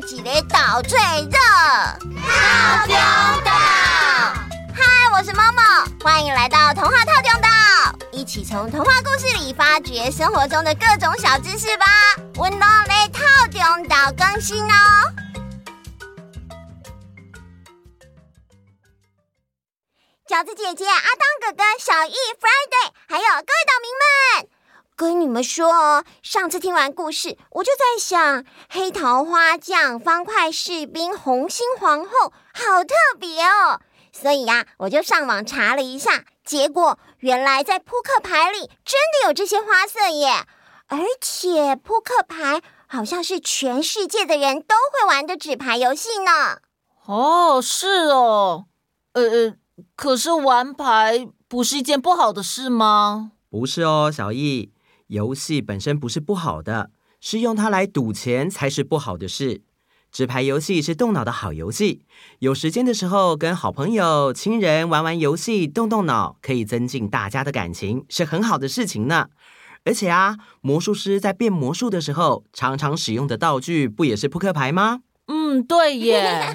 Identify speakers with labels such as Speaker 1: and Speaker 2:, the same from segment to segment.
Speaker 1: 幾列島最熱？套中島，嗨，我是 Momo，歡迎來到童話套中島，一起從童話故事裡發掘生活中的各種小知識吧！我們都在套中島更新哦。餃子姐姐、阿當哥哥、小藝、Friday，還有各位島民們。跟你們說，哦，上次聽完故事，我就在想黑桃花匠、方塊士兵、紅心皇後，好特別哦！所以呀、啊，我就上網查了一下，結果原來在撲克牌裡真的有這些花色耶！而且撲克牌好像是全世界的人都會玩的紙牌
Speaker 2: 遊戲呢。哦，是哦，呃，可是玩牌不是一件不好的事嗎？
Speaker 3: 不是哦，小易。遊戲本身不是不好的，是用它來賭錢才是不好的事。紙牌遊戲是動腦的好遊戲，有時間的時候跟好朋友、親人玩玩遊戲，動動腦，可以增進大家的感情，是很好的事情呢。而且啊，魔術師在變魔術的時候，常常使用的道具不也是撲克牌嗎？
Speaker 2: 嗯，對耶。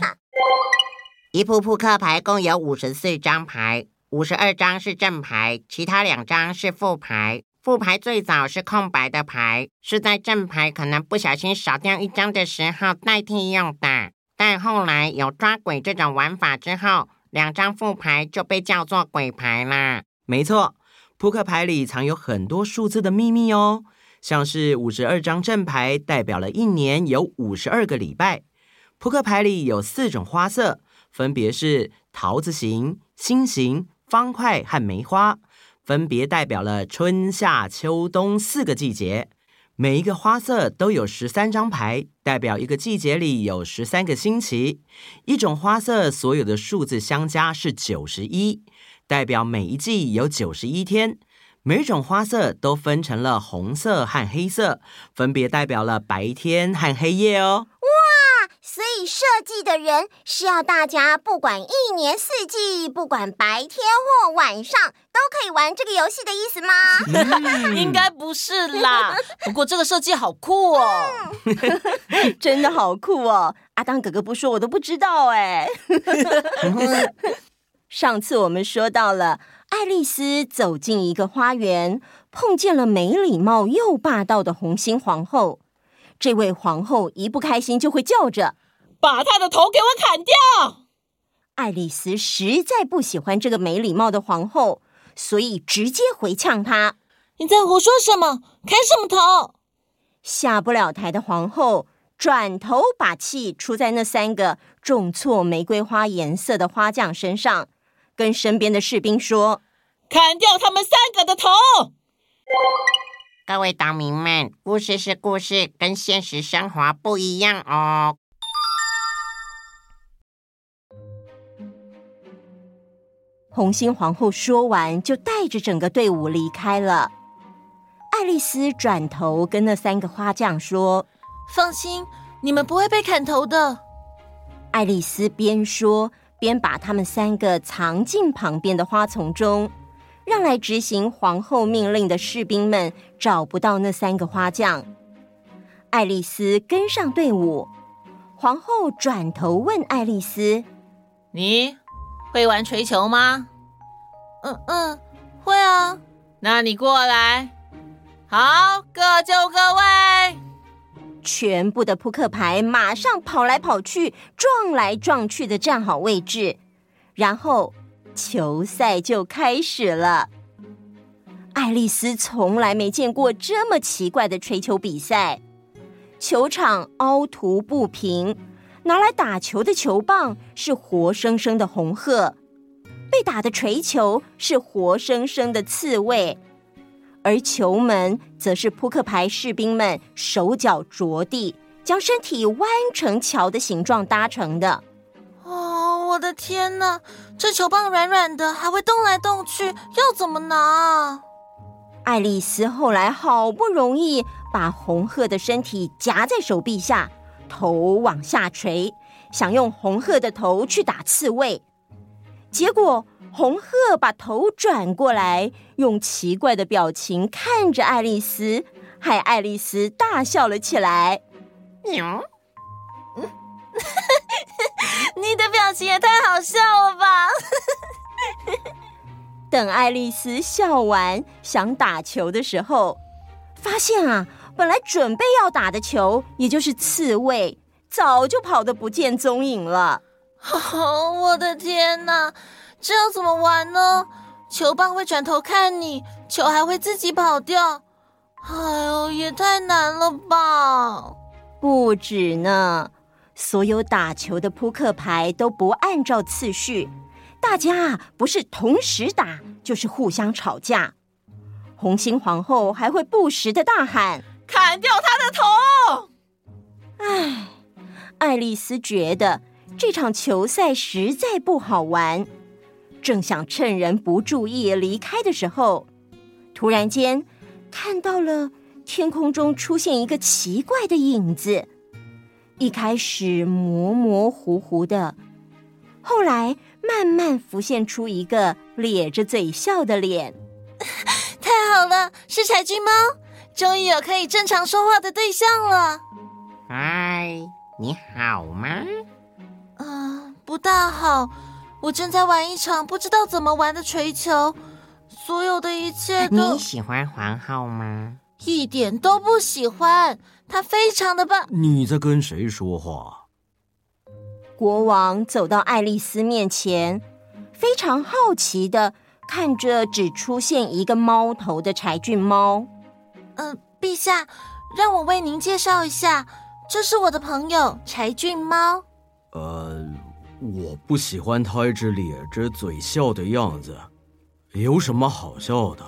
Speaker 3: 一副撲、撲克牌共有五十四張牌，五十二張是正牌，其他兩張是副牌。副牌最早是空白的牌，是在正牌可能不小心少掉一張的時候代替用的。但後來有抓鬼這種玩法之後，兩張副牌就被叫做鬼牌啦。沒錯，撲克牌裡藏有很多數字的秘密哦，像是五十二張正牌代表了一年有五十二個禮拜。撲克牌裡有四種花色，分別是桃子形、心形、方塊和梅花。分別代表了春夏秋冬四個季節，每一個花色都有十三張牌，代表一個季節裡有十三個星期。一種花色所有的數字相加是九十一，代表每一季有九十一天。每種花色都分成了紅色和黑色，分別代表了白天和黑夜哦。
Speaker 1: 所以設計的人是要大家不管一年四季，不管白天或晚上，都可以玩這個遊戲的意思嗎？嗯、 應該
Speaker 2: 不是啦。不
Speaker 1: 過這個設計好酷哦，嗯、 真的好酷哦！阿當哥哥不說我都不知道哎。 上次我們說到了，愛麗絲走進一個花園，碰見了沒禮貌又霸道的紅心皇後。這位皇後一不開心就會叫着：“
Speaker 2: 把她的頭給我砍掉！”愛
Speaker 1: 麗絲實在不喜歡這個沒禮貌的皇後，所以直接回嗆她：“你在胡說什麼？砍什麼頭？”下不了台的皇后轉頭把氣出在那三個種錯玫瑰花顏色的花匠身上，跟身邊的士兵說：“
Speaker 2: 砍掉他們三個的頭！”
Speaker 3: 各位島民們，故事是故事，跟現實生活不一樣哦。
Speaker 1: 紅心皇後說完，就帶着整個隊伍離開了。愛麗絲轉頭跟那三個花匠說：“放心，你們不會被砍頭的。”愛麗絲邊說邊把他們三個藏進旁邊的花叢中。讓來執行皇后命令的士兵們找不到那三個花匠。愛麗絲跟上隊伍。
Speaker 2: 皇后轉頭問愛麗絲：“你會玩槌球嗎？”“嗯嗯，會啊。”“那你過來。”“好，各就各位。”
Speaker 1: 全部的撲克牌馬上跑來跑去、撞來撞去的站好位置，然後。球賽就開始了。愛麗絲從來沒見過這麼奇怪的槌球比賽。球場凹凸不平，拿來打球的球棒是活生生的紅鶴，被打的槌球是活生生的刺蝟，而球門則是撲克牌士兵們手腳着地，將身體彎成橋的形狀搭成的。
Speaker 2: 我的天哪！這球棒軟軟的，還會動來動去，要怎麼拿啊？
Speaker 1: 愛麗絲後來好不容易把紅鶴的身體夾在手臂下，頭往下垂，想用紅鶴的頭去打刺蝟。結果紅鶴把頭轉過來，用奇怪的表情看着愛麗絲，害愛麗絲大笑了起來。
Speaker 3: 嗯
Speaker 2: 你的表情也太好笑了吧！
Speaker 1: 等愛麗絲笑完想打球的時候，發現啊，本來準備要打的球，也就是刺蝟，早就跑得不見蹤影
Speaker 2: 了。哦，我的天哪，這要怎麼玩呢？球棒會轉頭看你，球還會自己跑掉。哎呦，也太難了吧！
Speaker 1: 不止呢。所有打球的撲克牌都不按照次序，大家不是同時打，就是互相吵架。紅心皇後還會不時的大喊：“
Speaker 2: 砍掉他的頭！”
Speaker 1: 哎，愛麗絲覺得這場球賽實在不好玩，正想趁人不注意離開的時候，突然間看到了天空中出現一個奇怪的影子。一開始模模糊糊的，後來慢慢浮現出一個咧着嘴笑的臉。
Speaker 2: 太好了，是柴郡貓，終於有可以正常說話的對象了。
Speaker 1: 嗨，
Speaker 3: 你好嗎？
Speaker 2: 嗯、呃，不大好，我正在玩一場不知道怎麼玩的槌球，所有的一切都，你
Speaker 3: 喜歡皇後
Speaker 4: 嗎？
Speaker 2: 一點都不喜歡。他非常的棒。
Speaker 4: 你在跟誰說話？
Speaker 1: 國王走到愛麗絲面前，非常好奇的看着只出現一個貓頭的柴郡貓。
Speaker 2: 呃，陛下，讓我為您介紹一下，這是我的朋友柴郡貓。
Speaker 4: 呃，我不喜歡他一直咧着嘴笑的樣子，有什麼好笑的？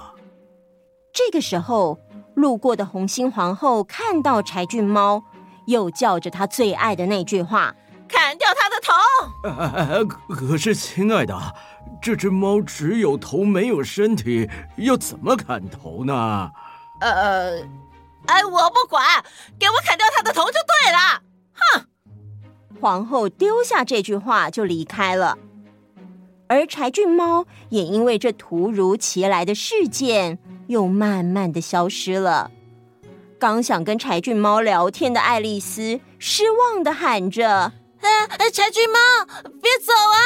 Speaker 1: 這個時候。路過的紅心皇後看到柴郡貓，又叫着他最愛的那句話：“
Speaker 2: 砍掉他的頭。
Speaker 4: 呃”可是，親愛的，這隻貓只有頭沒有身體，要怎麼砍頭呢？
Speaker 2: 呃，哎、呃，我不管，給我砍掉他的頭就對了。
Speaker 1: 哼！皇后丟下這句話就離開了，而柴郡貓也因為這突如其來的事件，又慢慢的消失了。剛想跟柴郡貓聊天的愛麗絲失望的喊着：“
Speaker 2: 啊、哎哎，柴郡貓，別走啊！”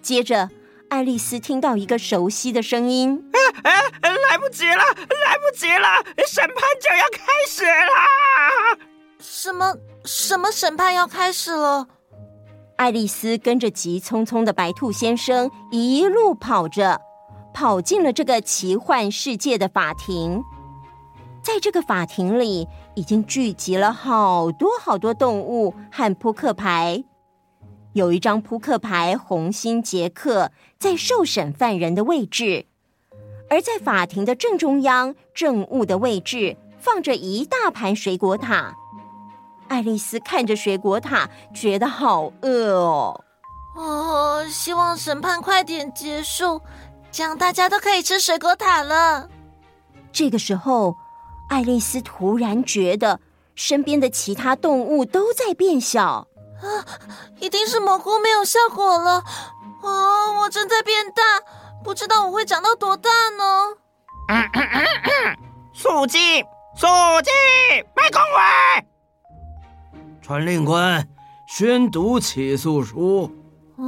Speaker 1: 接着，愛麗絲聽到一個熟悉的聲音：“
Speaker 2: 啊啊、哎哎，來不及了，來不及了，審判就要開始了！”什麼什麼審判要開始了？
Speaker 1: 愛麗絲跟着急匆匆的白兔先生一路跑着。跑進了這個奇幻世界的法庭，在這個法庭裡，已經聚集了好多好多動物和撲克牌。有一張撲克牌紅心傑克在受審犯人的位置，而在法庭的正中央，證物的位置放着一大盤水果塔。愛麗絲看着水果塔，覺得好餓哦。
Speaker 2: 哦，希望審判快點結束。這樣大家都可以吃水果塔了。這
Speaker 1: 個時候，愛麗絲突然覺得身邊的其他動物都在變小
Speaker 2: 啊！一定是蘑菇沒有效果了。哦，我正在變大，不知道我會長到多大呢。肅靜！肅 靜！麥公偉，
Speaker 4: 傳令官，宣讀起訴書。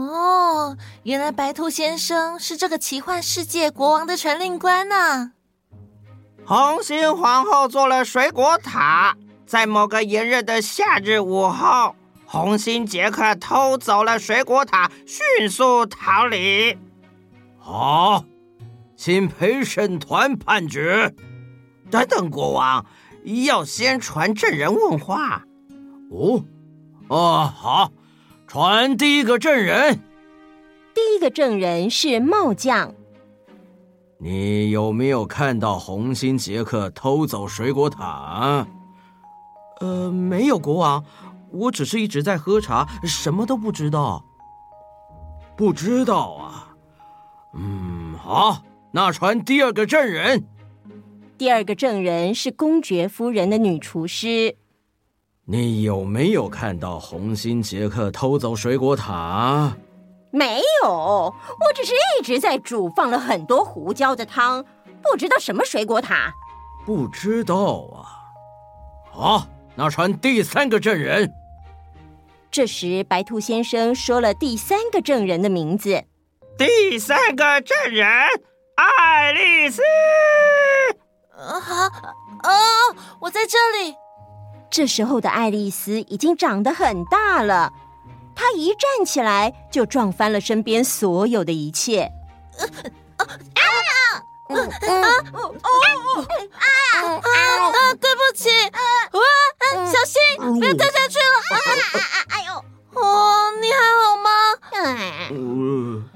Speaker 2: 哦，原來白兔先生是這個奇幻世界國王的傳令官呢、啊。
Speaker 3: 紅心皇後做了水果塔，在某個炎熱的夏日午後，紅心傑克偷走了水果塔，迅速逃離。好、哦，請陪審團判決。
Speaker 4: 等等，國王要先傳證人問話。哦，哦、呃，好。傳第一個證人，第一個
Speaker 1: 證人是帽匠。
Speaker 4: 你有沒有看到紅心傑克偷走水果塔啊？呃，沒有，國王，我只是一直在喝茶，什麼都不知道。不知道啊，嗯，好，那傳第二個證人。第
Speaker 1: 二個證人是公爵夫人的女廚師。
Speaker 4: 你有沒有看到紅心傑克偷走水果塔
Speaker 1: 啊？沒有，我只是一直在煮放了很多胡椒的湯，不知道什麼水果塔。
Speaker 4: 不知道啊。好，那傳第三個證人。
Speaker 1: 這時，白兔先生說了第三個證人的名字。
Speaker 2: 第三個證人，愛麗絲。啊哈。啊，我在這裡。
Speaker 1: 這時候的愛麗絲已經長得很大了，她一站起來就撞翻了身邊所有的一切。
Speaker 2: 啊啊啊！啊啊啊！對不起，啊啊，小心，別掉下去了！啊！哎呦，哦，你還好嗎？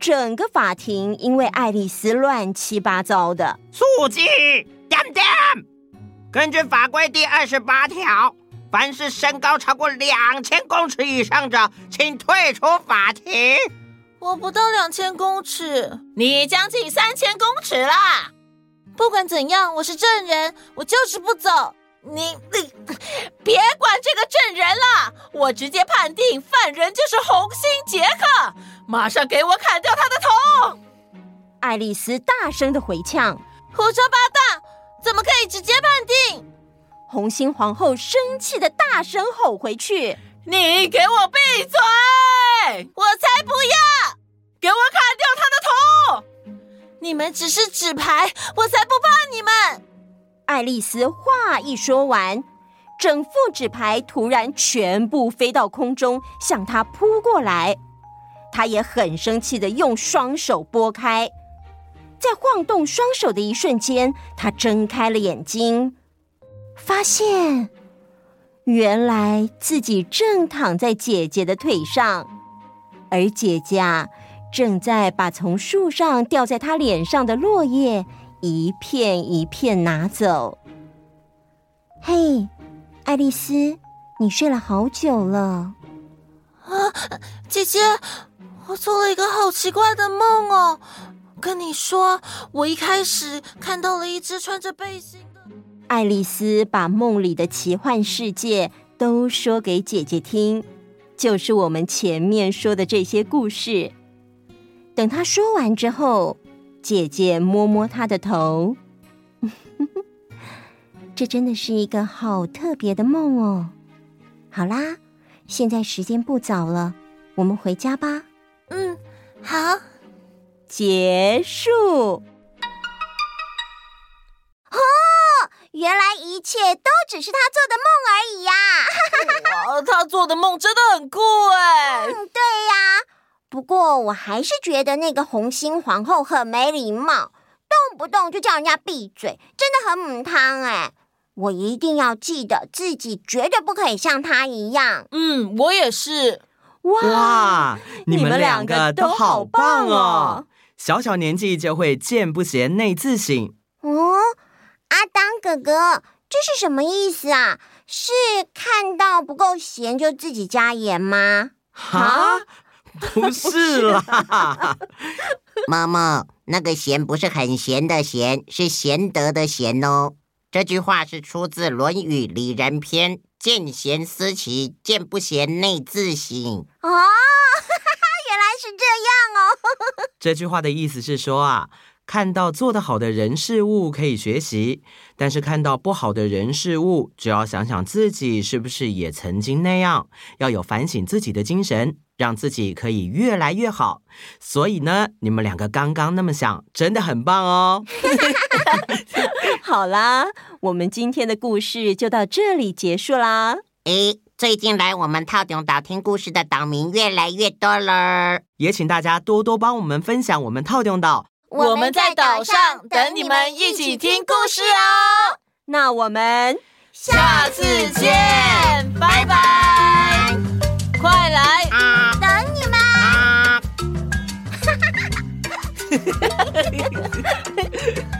Speaker 1: 整個法庭因為愛麗絲亂七八糟的，書記，
Speaker 3: 檢點。根據法規第二十八條，凡是身高超過兩千公尺以上者，請退出法庭。我不到
Speaker 2: 兩千公尺，你將近三千公尺啦。不管怎樣，我是證人，我就是不走。你你別管這個證人啦，我直接判定犯人就是紅心傑克，馬上給我砍掉他的頭！
Speaker 1: 愛麗絲大聲的回嗆：“
Speaker 2: 胡說八道。”怎麼可以直接判定？
Speaker 1: 紅心皇后生氣的大聲吼回
Speaker 2: 去：“你給我閉嘴！我才不要！給我砍掉他的頭！你們只是紙牌，我才不怕你們！”
Speaker 1: 愛麗絲話一說完，整副紙牌突然全部飛到空中，向她撲過來。她也很生氣的用雙手撥開。在晃動雙手的一瞬間，她睜開了眼睛，發現原來自己正躺在姐姐的腿上，而姐姐正在把從樹上掉在她臉上的落葉一片一片拿走。嘿，愛麗絲，你睡了好久
Speaker 2: 了。啊，姐姐，我做了一個好奇怪的夢哦。跟你說，我一開始看到了一隻穿着背心
Speaker 1: 的。愛麗絲把夢裡的奇幻世界都說給姐姐聽，就是我們前面說的這些故事。等她說完之後，姐姐摸摸她的頭， 這真的是一個好特別的夢哦。好啦，現在時間不早了，我們回家吧。嗯，好。結束哦！原來一切都只是他做的夢而已呀、啊！
Speaker 2: 他做的夢真的很酷哎、嗯！對呀、啊。
Speaker 1: 不過我還是覺得那個紅心皇後很沒禮貌，動不動就叫人家閉嘴，真的很母湯哎！我一定要記得自己絕對不可以像他一
Speaker 2: 樣。嗯，我也是。哇，
Speaker 1: 哇
Speaker 3: 你們兩個都好棒哦！小小年紀就會見不賢內自省
Speaker 2: 哦，
Speaker 1: 阿當哥哥，這是什麼意思啊？是看到不夠鹹就自己加鹽嗎？
Speaker 4: 哈？啊，不是啦！
Speaker 3: 媽媽，那個“賢”不是很鹹的“鹹”，是賢德的“賢”哦。這句話是出自《論語·里仁篇》：“見賢思齊，見不賢內自省。”
Speaker 1: 啊。是這樣
Speaker 3: 哦。 這句話的意思是說啊，看到做得好的人事物可以學習，但是看到不好的人事物，只要想想自己是不是也曾經那樣，要有反省自己的精神，讓自己可以越來越好。所以呢，你們兩個剛剛那麼想，真的很棒哦。
Speaker 1: 好啦，我們今天的故事就到這裡結束啦。誒。最近來
Speaker 3: 我們套丁島聽故事的島民越來越多了，也請大家多多幫我們分享我們套丁島。我
Speaker 2: 們在島上等你們一起聽故事哦。那我們下次見，拜拜！拜拜！快來，啊、等你們。哈哈哈哈。